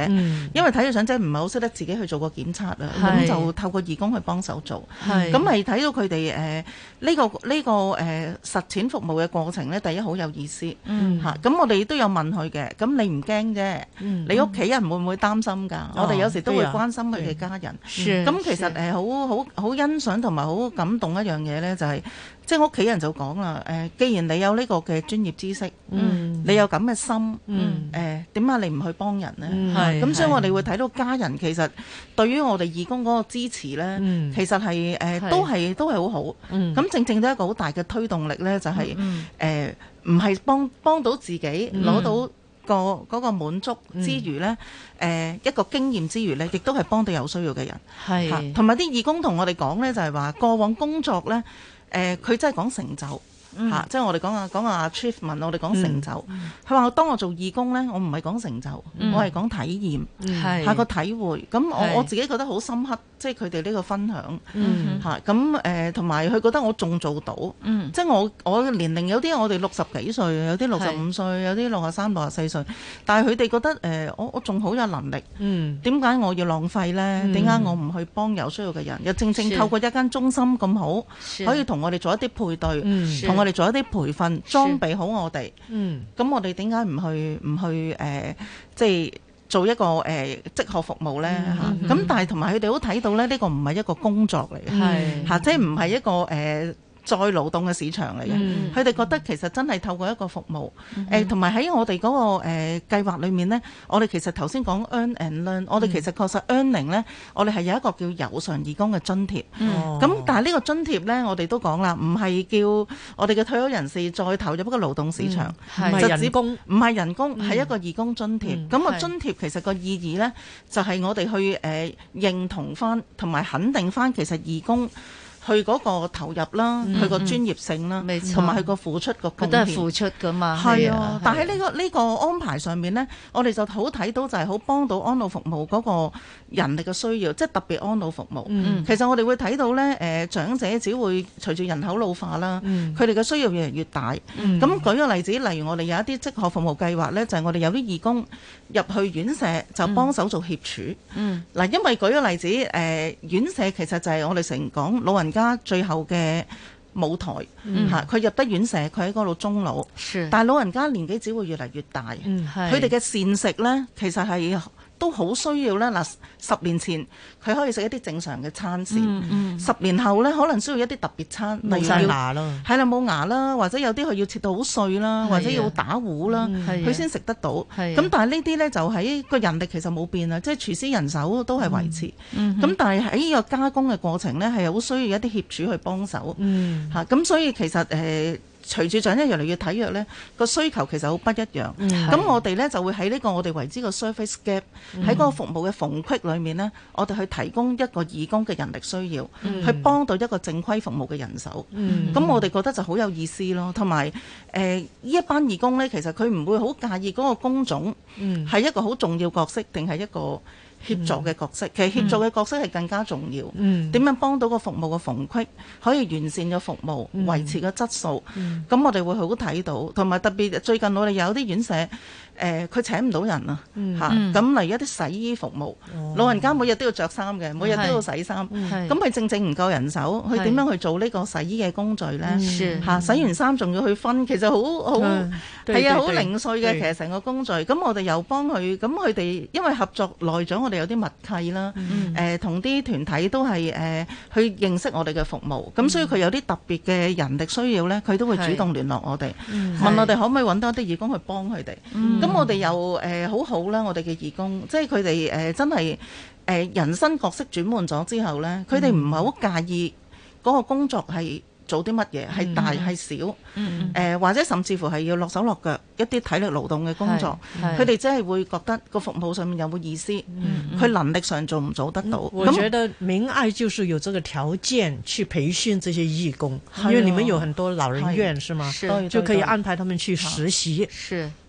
因為體弱長者唔係好識得自己去做個檢測啦，咁就透過義工去幫手做。咁係睇到佢哋誒呢個呢個誒實踐服務嘅過程咧，第一好有意思吓，咁我哋都有問佢嘅，咁你唔驚啫？你屋企人會唔會擔心㗎？我哋有時都會關心佢嘅家人。咁其實誒好好好欣賞同埋好感動一樣嘢。咧就係、是，即係屋企人就講啦，誒，既然你有呢個嘅專業知識，嗯，你有咁嘅心，嗯，誒、呃，點解你唔去幫人呢？係、嗯，咁所以我哋會睇到家人其實對於我哋義工嗰個支持咧，嗯、其實係誒、呃、是都係都係好好，咁、嗯、正正都一個好大嘅推動力咧，就係誒唔係幫幫到自己攞到。個嗰、嗰個滿足之餘咧，誒、嗯、一個經驗之餘咧，亦都係幫到有需要嘅人，嚇係。同埋啲義工同我哋講呢就係、係、話過往工作呢，誒佢、 *laughs* 呃、真係講成就。吓，即係我哋講下講下，Chief 問我哋講成就，佢話我當我做義工咧，我唔係講成就，我係講體驗，係個體會，咁我我自己覺得好深刻，即係佢哋呢個分享吓，咁誒同埋佢覺得我仲做到，即係我我年齡有啲我哋六十幾歲，有啲六十五歲，有啲六十三六十四歲，但係佢哋覺得誒我我仲好有能力，點解我要浪費咧？點解我唔去幫有需要嘅人？又正正透過一間中心咁好，可以同我哋做一啲配對，嗯，同我。我哋做一啲培訓裝備好我哋。嗯，咁我哋點解唔去唔去？誒、呃，即係做一個誒職、呃、學服務咧吓，咁、嗯、哼但係同埋佢哋都睇到咧，呢、這個唔係一個工作嚟嘅吓，是即係唔係一個誒。呃再勞動嘅市場嚟嘅，佢哋、嗯、覺得其實真係透過一個服務，誒同埋喺我哋嗰個誒計劃裡面呢。嗯、我哋其實頭先講 earn and learn，嗯、我哋其實確實 earning 咧，我哋係有一個叫有償義工嘅津貼。咁、哦、但係呢個津貼呢，我哋都講啦，唔係叫我哋嘅退休人士再投入一個勞動市場，唔係、嗯、人工，唔係人工，係一個義工津貼。咁個、嗯、津貼其實個意義呢，就係我哋去誒認同翻同埋肯定翻其實義工。佢嗰個投入啦，佢個、嗯嗯、專業性啦，同埋佢個付出個佢都係付出㗎嘛。係啊，啊啊但喺呢、這個呢、這個安排上面呢，我哋就好睇到就係好幫到安老服務嗰個人力嘅需要，即、就、係、是、特別安老服務。嗯嗯其實我哋會睇到呢，誒、呃、長者只會隨住人口老化啦，佢哋嘅需要越嚟越大。咁、嗯、舉個例子，例如我哋有一啲職學服務計劃呢，就係、是、我哋有啲義工入去院舍就幫手做協助。嗱、嗯，嗯、因為舉個例子，誒、呃、院舍其實就係我哋成講老人家最後嘅舞台吓，佢、嗯啊、入得院舍，佢喺嗰度終老。是但係老人家年紀只會越嚟越大，佢哋嘅膳食咧，其實係。都好需要咧嗱，十年前佢可以食一啲正常嘅餐膳，嗯嗯、十年後咧可能需要一啲特別餐，冇晒牙囉，要係啦冇牙啦，或者有啲佢要切到好碎啦，啊、或者要打糊啦，佢先食得到。咁、啊、但係呢啲咧就喺、是、個人力其實冇變啊，即係廚師人手都係維持。咁、嗯嗯、但係喺呢個加工嘅過程咧係好需要一啲協助去幫手咁、嗯啊、所以其實隨住長者越嚟越體弱，呢個需求其實好不一樣。咁的我哋呢就會喺呢個我哋為之個 surface gap，喺嗰、嗯、個服務嘅縫隙裏面呢，我哋去提供一個義工嘅人力需要，嗯、去幫到一個正規服務嘅人手。咁、嗯、我哋覺得就好有意思咯。同埋誒，呢、呃、一班義工呢，其實佢唔會好介意嗰個工種，係一個好重要角色定係一個。協助嘅角色，嗯、其實，協助嘅角色係更加重要。點、嗯、樣幫到個服務嘅縫隙，可以完善咗服務，維、嗯、持個質素，咁、嗯、我哋會好睇到。同埋特別最近我哋有啲院舍。誒，佢請唔到人啊！咁，例如一啲洗衣服務，老人家每日都要着衫嘅，每日都要洗衫，咁佢正正唔夠人手，佢點樣去做呢個洗衣嘅工序咧？洗完衫仲要去分，其實好好係啊，好零碎嘅，其實成個工序。咁我哋又幫佢，咁佢哋因為合作耐咗，我哋有啲默契啦。誒，同啲團體都係去認識我哋嘅服務，咁所以佢有啲特別嘅人力需要咧，佢都會主動聯絡我哋，問我哋可唔可以揾多啲義工去幫佢哋。咁、嗯、我哋又誒好好啦，我哋嘅義工，即係佢哋誒真係誒、呃、人生角色轉換咗之後呢，佢哋唔係好介意嗰個工作係做啲乜嘢，係、嗯、大係小，誒、嗯呃，或者甚至乎係要落手落腳一啲體力勞動嘅工作，佢哋真係會覺得個服務上面有冇意思，佢、嗯、能力上做唔做得到？嗯、麼我覺得明愛就是有這個條件去培訓這些義工，嗯、因為你們有很多老人院，哎、呦是嗎？是就可以安排他們去實習。嗯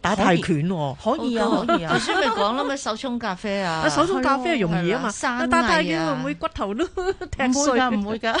打泰拳可以啊！以叔咪講啦，咩手沖咖啡啊？手沖咖啡容易啊嘛！打泰拳會唔會骨頭都踢碎啊？唔會噶。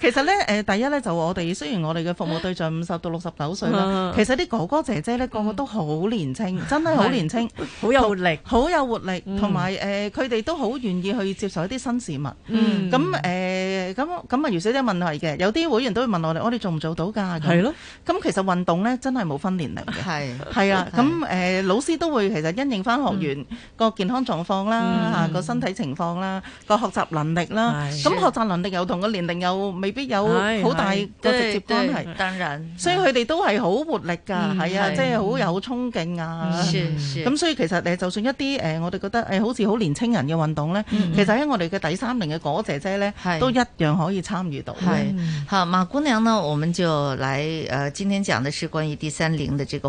其實咧，誒第一咧就我哋雖然我哋嘅服務對象五十到六十九歲啦，其實啲哥哥姐姐咧個個都好年輕，真係好年輕，好有活力，好有活力，同埋誒佢哋都好願意去接受一啲新事物。嗯。咁誒咁咁啊！余小姐問係嘅，有啲會員都會問我哋：我哋做唔做到㗎？係咯。咁其實運動咧真係冇分年齡嘅。係係啊，咁誒、呃、老師都會其實因應翻學員個健康狀況啦，吓個、嗯啊、身體情況啦，個學習能力啦。咁是學習能力又同個年齡又未必有好大個直接關係，當然，所以佢哋都係好活力㗎，係、嗯、啊，即係好有衝勁啊。咁所以其實誒就算一啲誒、呃、我哋覺得誒好似好年青人嘅運動咧，嗯、其實喺我哋嘅第三齡嘅果姐姐咧，是都一樣可以參與到。係吓，馬姑娘呢，我們就嚟誒、呃，今天講嘅是關於第三齡嘅這個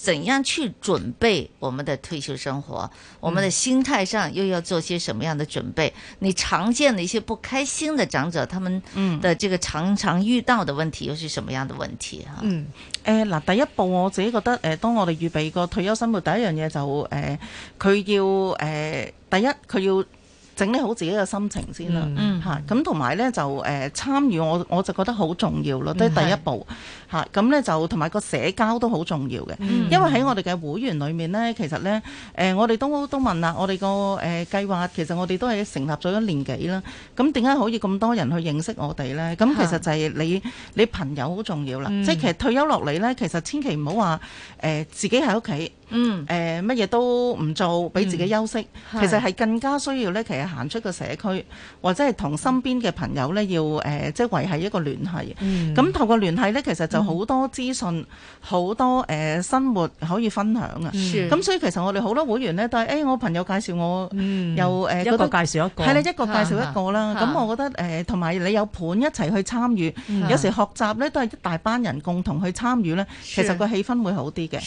怎樣去準備我們的退休生活？我們的心態上又要做些什麼樣的準備？嗯、你常見的一些不開心的長者，他們的這個常常遇到的問題又是什麼樣的問題？哈，嗯，誒，嗱，第一步我自己覺得，誒、呃，當我哋預備個退休生活，第一樣嘢就，誒、呃，佢要，誒、呃，第一佢要。整理好自己嘅心情先啦，嚇咁同埋咧就誒、呃、參與我，我我就覺得好重要咯，都、就、係、是、第一步嚇。咁咧、嗯啊、就同埋個社交都好重要嘅，嗯、因為喺我哋嘅會員裏面咧，其實咧誒、呃，我哋都都問啦，我哋個誒計劃其實我哋都係成立咗一年幾啦。咁點解可以咁多人去認識我哋咧？咁其實就係你、啊、你朋友好重要啦。嗯嗯、即係其實退休落嚟咧，其實千祈唔好話誒自己喺屋企。嗯，誒乜嘢都唔做，俾自己休息，其實係更加需要咧。其實行出個社區，或者係同身邊嘅朋友咧，要誒即係維繫一個聯繫，嗯，咁透過聯繫咧，其實就好多資訊好多誒生活可以分享啊。咁所以其實我哋好多會員咧都係誒我朋友介紹我，又誒一個介紹一個係啦，一個介紹一個啦。咁我覺得誒同埋你有伴一齊去參與有時學習咧，都係一大班人共同去參與咧，其實個氣氛會好啲嘅。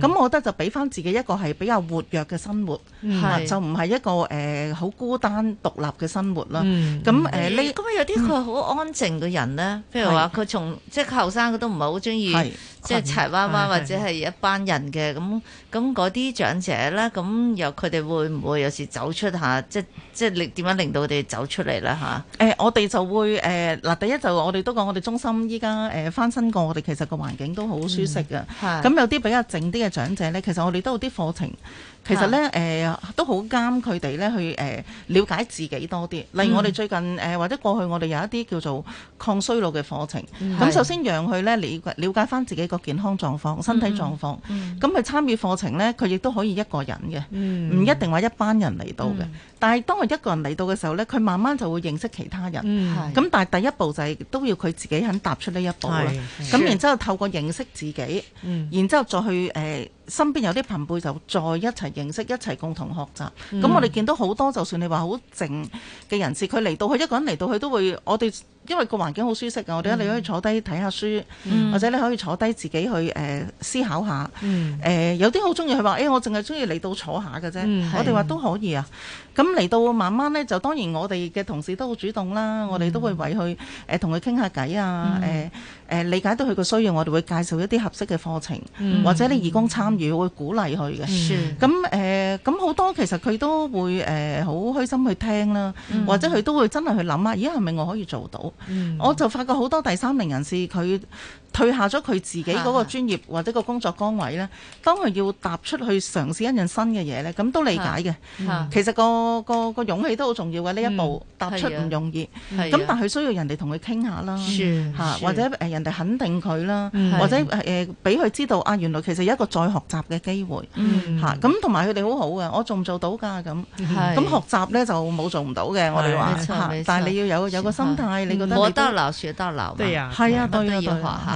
咁我覺得就俾翻自己一個係比較活躍嘅生活，係是就唔係一個誒好、呃、孤單獨立嘅生活啦。咁誒、嗯，呃、咦你咁樣有啲佢好安靜嘅人咧，嗯、譬如話佢從即係後生佢都唔係好中意。群即係柴娃娃或者係一班人嘅咁咁嗰啲長者咧，咁又佢哋會唔會有時走出下，即係即係你點樣令到佢哋走出嚟啦吓？誒、嗯，嗯、我哋就會誒嗱、呃，第一就我哋都講我哋中心依家誒翻新過，我哋其實個環境都好舒適嘅。係咁、嗯、有啲比較靜啲嘅長者咧，其實我哋都有啲課程。其實咧，誒、呃、都好啱佢哋咧去誒了解自己多啲。例如我哋最近、呃、或者過去我哋有一啲叫做抗衰老嘅課程。咁、嗯、首先讓佢咧了了解翻自己個健康狀況、身體狀況。咁佢、嗯嗯、參與課程咧，佢亦都可以一個人嘅，唔、嗯、一定話一班人嚟到嘅。嗯、但係當佢一個人嚟到嘅時候咧，佢慢慢就會認識其他人。咁、嗯、但係第一步就係都要佢自己肯踏出呢一步。咁、嗯、然之後透過認識自己，嗯、然之後再去誒。呃身邊有啲朋輩就再一齊認識，一齊共同學習。咁、嗯、我哋見到好多，就算你話好靜嘅人士，佢嚟到去一個人嚟到去都會我哋。因為個環境好舒適啊，我哋咧你可以坐低睇下看看書，嗯、或者你可以坐低自己去思考下。嗯呃、有啲好中意佢話：誒、欸、我淨係中意嚟到坐下嘅啫。嗯、我哋話都可以啊。咁嚟到慢慢咧，就當然我哋嘅同事都好主動啦，我哋都會為佢同佢傾下偈啊。誒、呃呃、理解到佢個需要，我哋會介紹一啲合適嘅課程，嗯、或者咧義工參與會鼓勵佢嘅。咁咁好多其實佢都會呃、好開心去聽啦，嗯、或者佢都會真係去諗啊，咦係咪我可以做到？ *noise* 我就發覺好多第三名人士佢，他退下咗佢自己嗰個專業或者個工作崗位咧，當佢要踏出去嘗試一樣新嘅嘢咧，咁都理解嘅。其實個個個勇氣都好重要嘅，呢一步踏出唔容易。咁但係佢需要人哋同佢傾下啦，嚇或者人哋肯定佢啦，或者誒俾佢知道啊，原來其實有一個再學習嘅機會嚇。咁同埋佢哋好好嘅，我做唔做到㗎咁？咁學習咧就冇做唔到嘅，我哋話。但係你要有有個心態，你覺得？得留，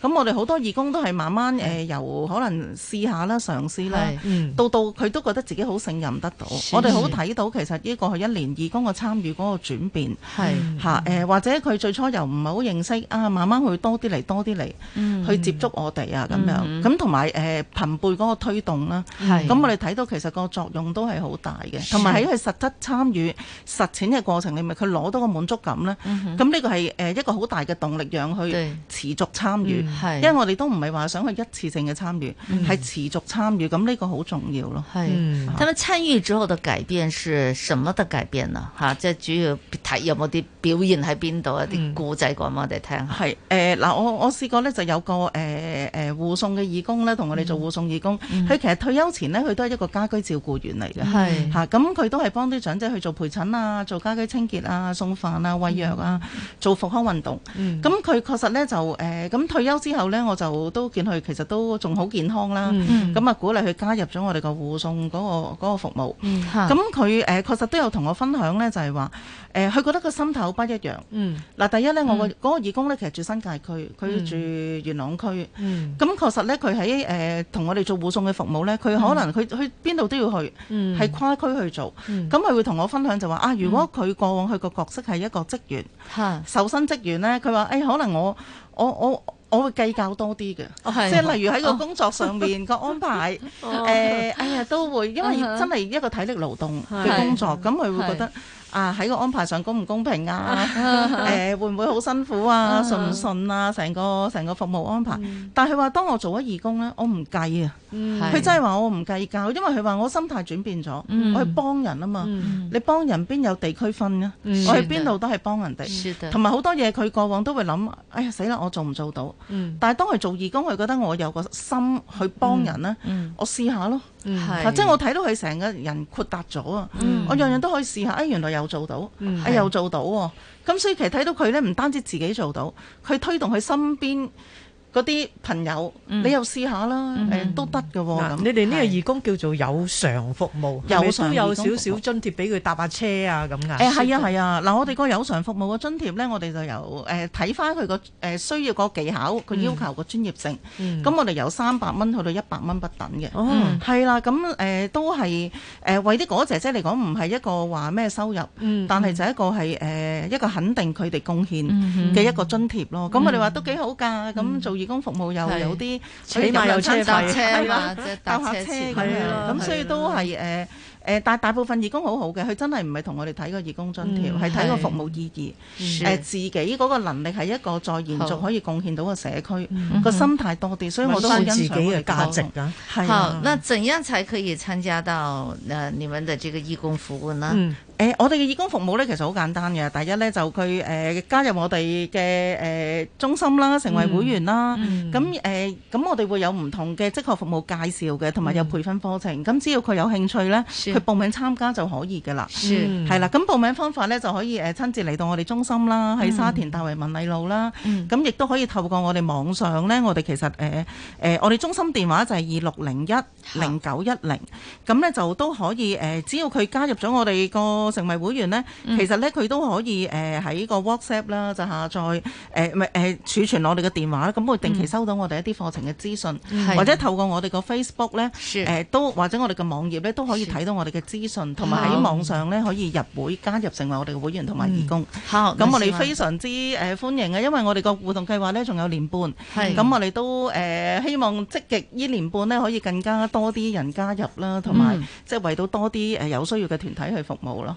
咁我哋好多義工都係慢慢誒由可能試下啦、嘗試啦，到到佢都覺得自己好勝任得到。我哋好睇到其實呢過去一年義工嘅參與嗰個轉變，係嚇或者佢最初又唔係好認識啊，慢慢去多啲嚟多啲嚟去接觸我哋啊咁樣。咁同埋誒朋輩嗰個推動啦，咁我哋睇到其實個作用都係好大嘅。同埋喺佢實質參與實踐嘅過程，裡咪佢攞到個滿足感呢？咁呢個係一個好大嘅動力，讓佢持續參與。因為我哋都唔係話想去一次性嘅參與，係持續參與，咁呢個好重要咯。係是，咁、啊、參與之後嘅改變是什麼嘅改變呢啊？嚇，即係主要睇有冇啲表現喺邊度啊？啲故仔講俾我哋聽。係、嗯，誒嗱、呃，我我試過咧就有個誒誒、嗯呃、護送嘅義工咧，同我哋做護送義工，佢、嗯、其實退休前咧佢都係一個家居照顧員嚟嘅，嚇、啊，咁、嗯、佢、嗯嗯、都係幫啲長者去做陪診啊、做家居清潔啊、送飯啊、餵藥啊、嗯、做復康運動，咁佢、嗯嗯、確實咧就誒咁退休。之後呢，我就都見佢其實都仲好健康啦。咁啊、mm，hmm. 鼓勵佢加入咗我哋個護送嗰、嗰個嗰個服務。咁佢誒確實都有同我分享呢，就係話佢覺得個心頭不一樣。嗱、mm，hmm. 第一呢，我個嗰個義工呢，其實住新界區，佢住元朗區。咁、mm hmm. 確實呢，佢喺同我哋做護送嘅服務呢，佢可能佢去邊度都要去，係、mm hmm. 跨區去做。咁佢、mm hmm. 會同我分享就話啊，如果佢過往佢個角色係一個職員，受薪、mm hmm. 職員呢，佢話誒，可能我我我。我我會計較多啲嘅，即係、哦、例如喺個工作上面個安排，誒、哦 *laughs* 呃，哎呀都會，因為真係一個體力勞動嘅工作，咁佢的會覺得。啊！喺個安排上公唔公平啊？誒、 *laughs* 欸，會唔會好辛苦啊？信唔信啊？成個成個服務安排，嗯、但係佢話當我做咗義工咧，我唔計啊！佢、嗯、真係話我唔計較，因為佢話我心態轉變咗，嗯、我去幫人啊嘛！嗯、你幫人邊有地區分咧？嗯、我去邊度都係幫人哋，同埋好多嘢佢過往都會諗，哎呀死啦！我做唔做到？嗯、但係當佢做義工，佢覺得我有個心去幫人咧，嗯嗯、我試下咯。係，嗯、是即係我睇到佢成個人豁達咗啊！嗯、我樣樣都可以試下，哎，原來又做到，係、嗯啊、又做到喎，哦！咁是所以其實睇到佢咧，唔單止自己做到，佢推動佢身邊。嗰啲朋友，你又試下啦，都得嘅喎。咁你哋呢個義工叫做有償服務，有少有少少津貼俾佢搭下車啊咁噶。誒係啊係啊，嗱我哋個有償服務個津貼咧，我哋就由睇翻佢個需要個技巧，佢要求個專業性。咁我哋由三百蚊去到一百蚊不等嘅。係啦，咁都係誒為啲哥姐姐嚟講，唔係一個話咩收入，但係就一個係一個肯定佢哋貢獻嘅一個津貼咯。咁我哋話都幾好㗎，咁做。義工服務又有啲起碼有出去搭車啦，搭客車咁，所以都係誒誒，但大部分義工好好嘅。佢真係唔係同我哋睇個義工津貼，係睇個服務意義，誒自己嗰個能力係一個再延續可以貢獻到個社區個心態多啲，所以我都會欣賞自己嘅價值㗎。好，那怎樣才可以參加到誒你們嘅呢個義工服務啦。誒、欸，我哋嘅義工服務咧，其實好簡單嘅。第一咧，就佢誒、呃、加入我哋嘅誒中心啦，成為會員啦。咁誒、嗯，咁、嗯呃、我哋會有唔同嘅職學服務介紹嘅，同埋有培訓課程。咁、嗯、只要佢有興趣咧，佢是報名參加就可以㗎是、嗯、啦。係啦，咁報名方法咧就可以誒、呃、親自嚟到我哋中心啦，喺沙田大圍文禮路啦。咁亦都可以透過我哋網上咧，我哋其實誒、呃呃、我哋中心電話就係二六零一零九一零。咁咧哈就都可以誒、呃，只要佢加入咗我哋個成為會員呢，其實呢，佢都可以誒喺、呃、個 WhatsApp 啦，就下載誒儲存我哋嘅電話，咁會定期收到我哋一啲課程嘅資訊，嗯、或者透過我哋個 Facebook 咧都是、呃、或者我哋嘅網頁咧都，都可以睇到我哋嘅資訊，同埋喺網上咧可以入會加入成為我哋嘅會員同埋義工。咁、嗯、我哋非常之、呃、歡迎啊，因為我哋個互動計劃呢，仲有年半，咁是我哋都、呃、希望積極呢年半呢，可以更加多啲人加入啦，同埋、嗯、即係為到多啲、呃、有需要嘅團體去服務咯。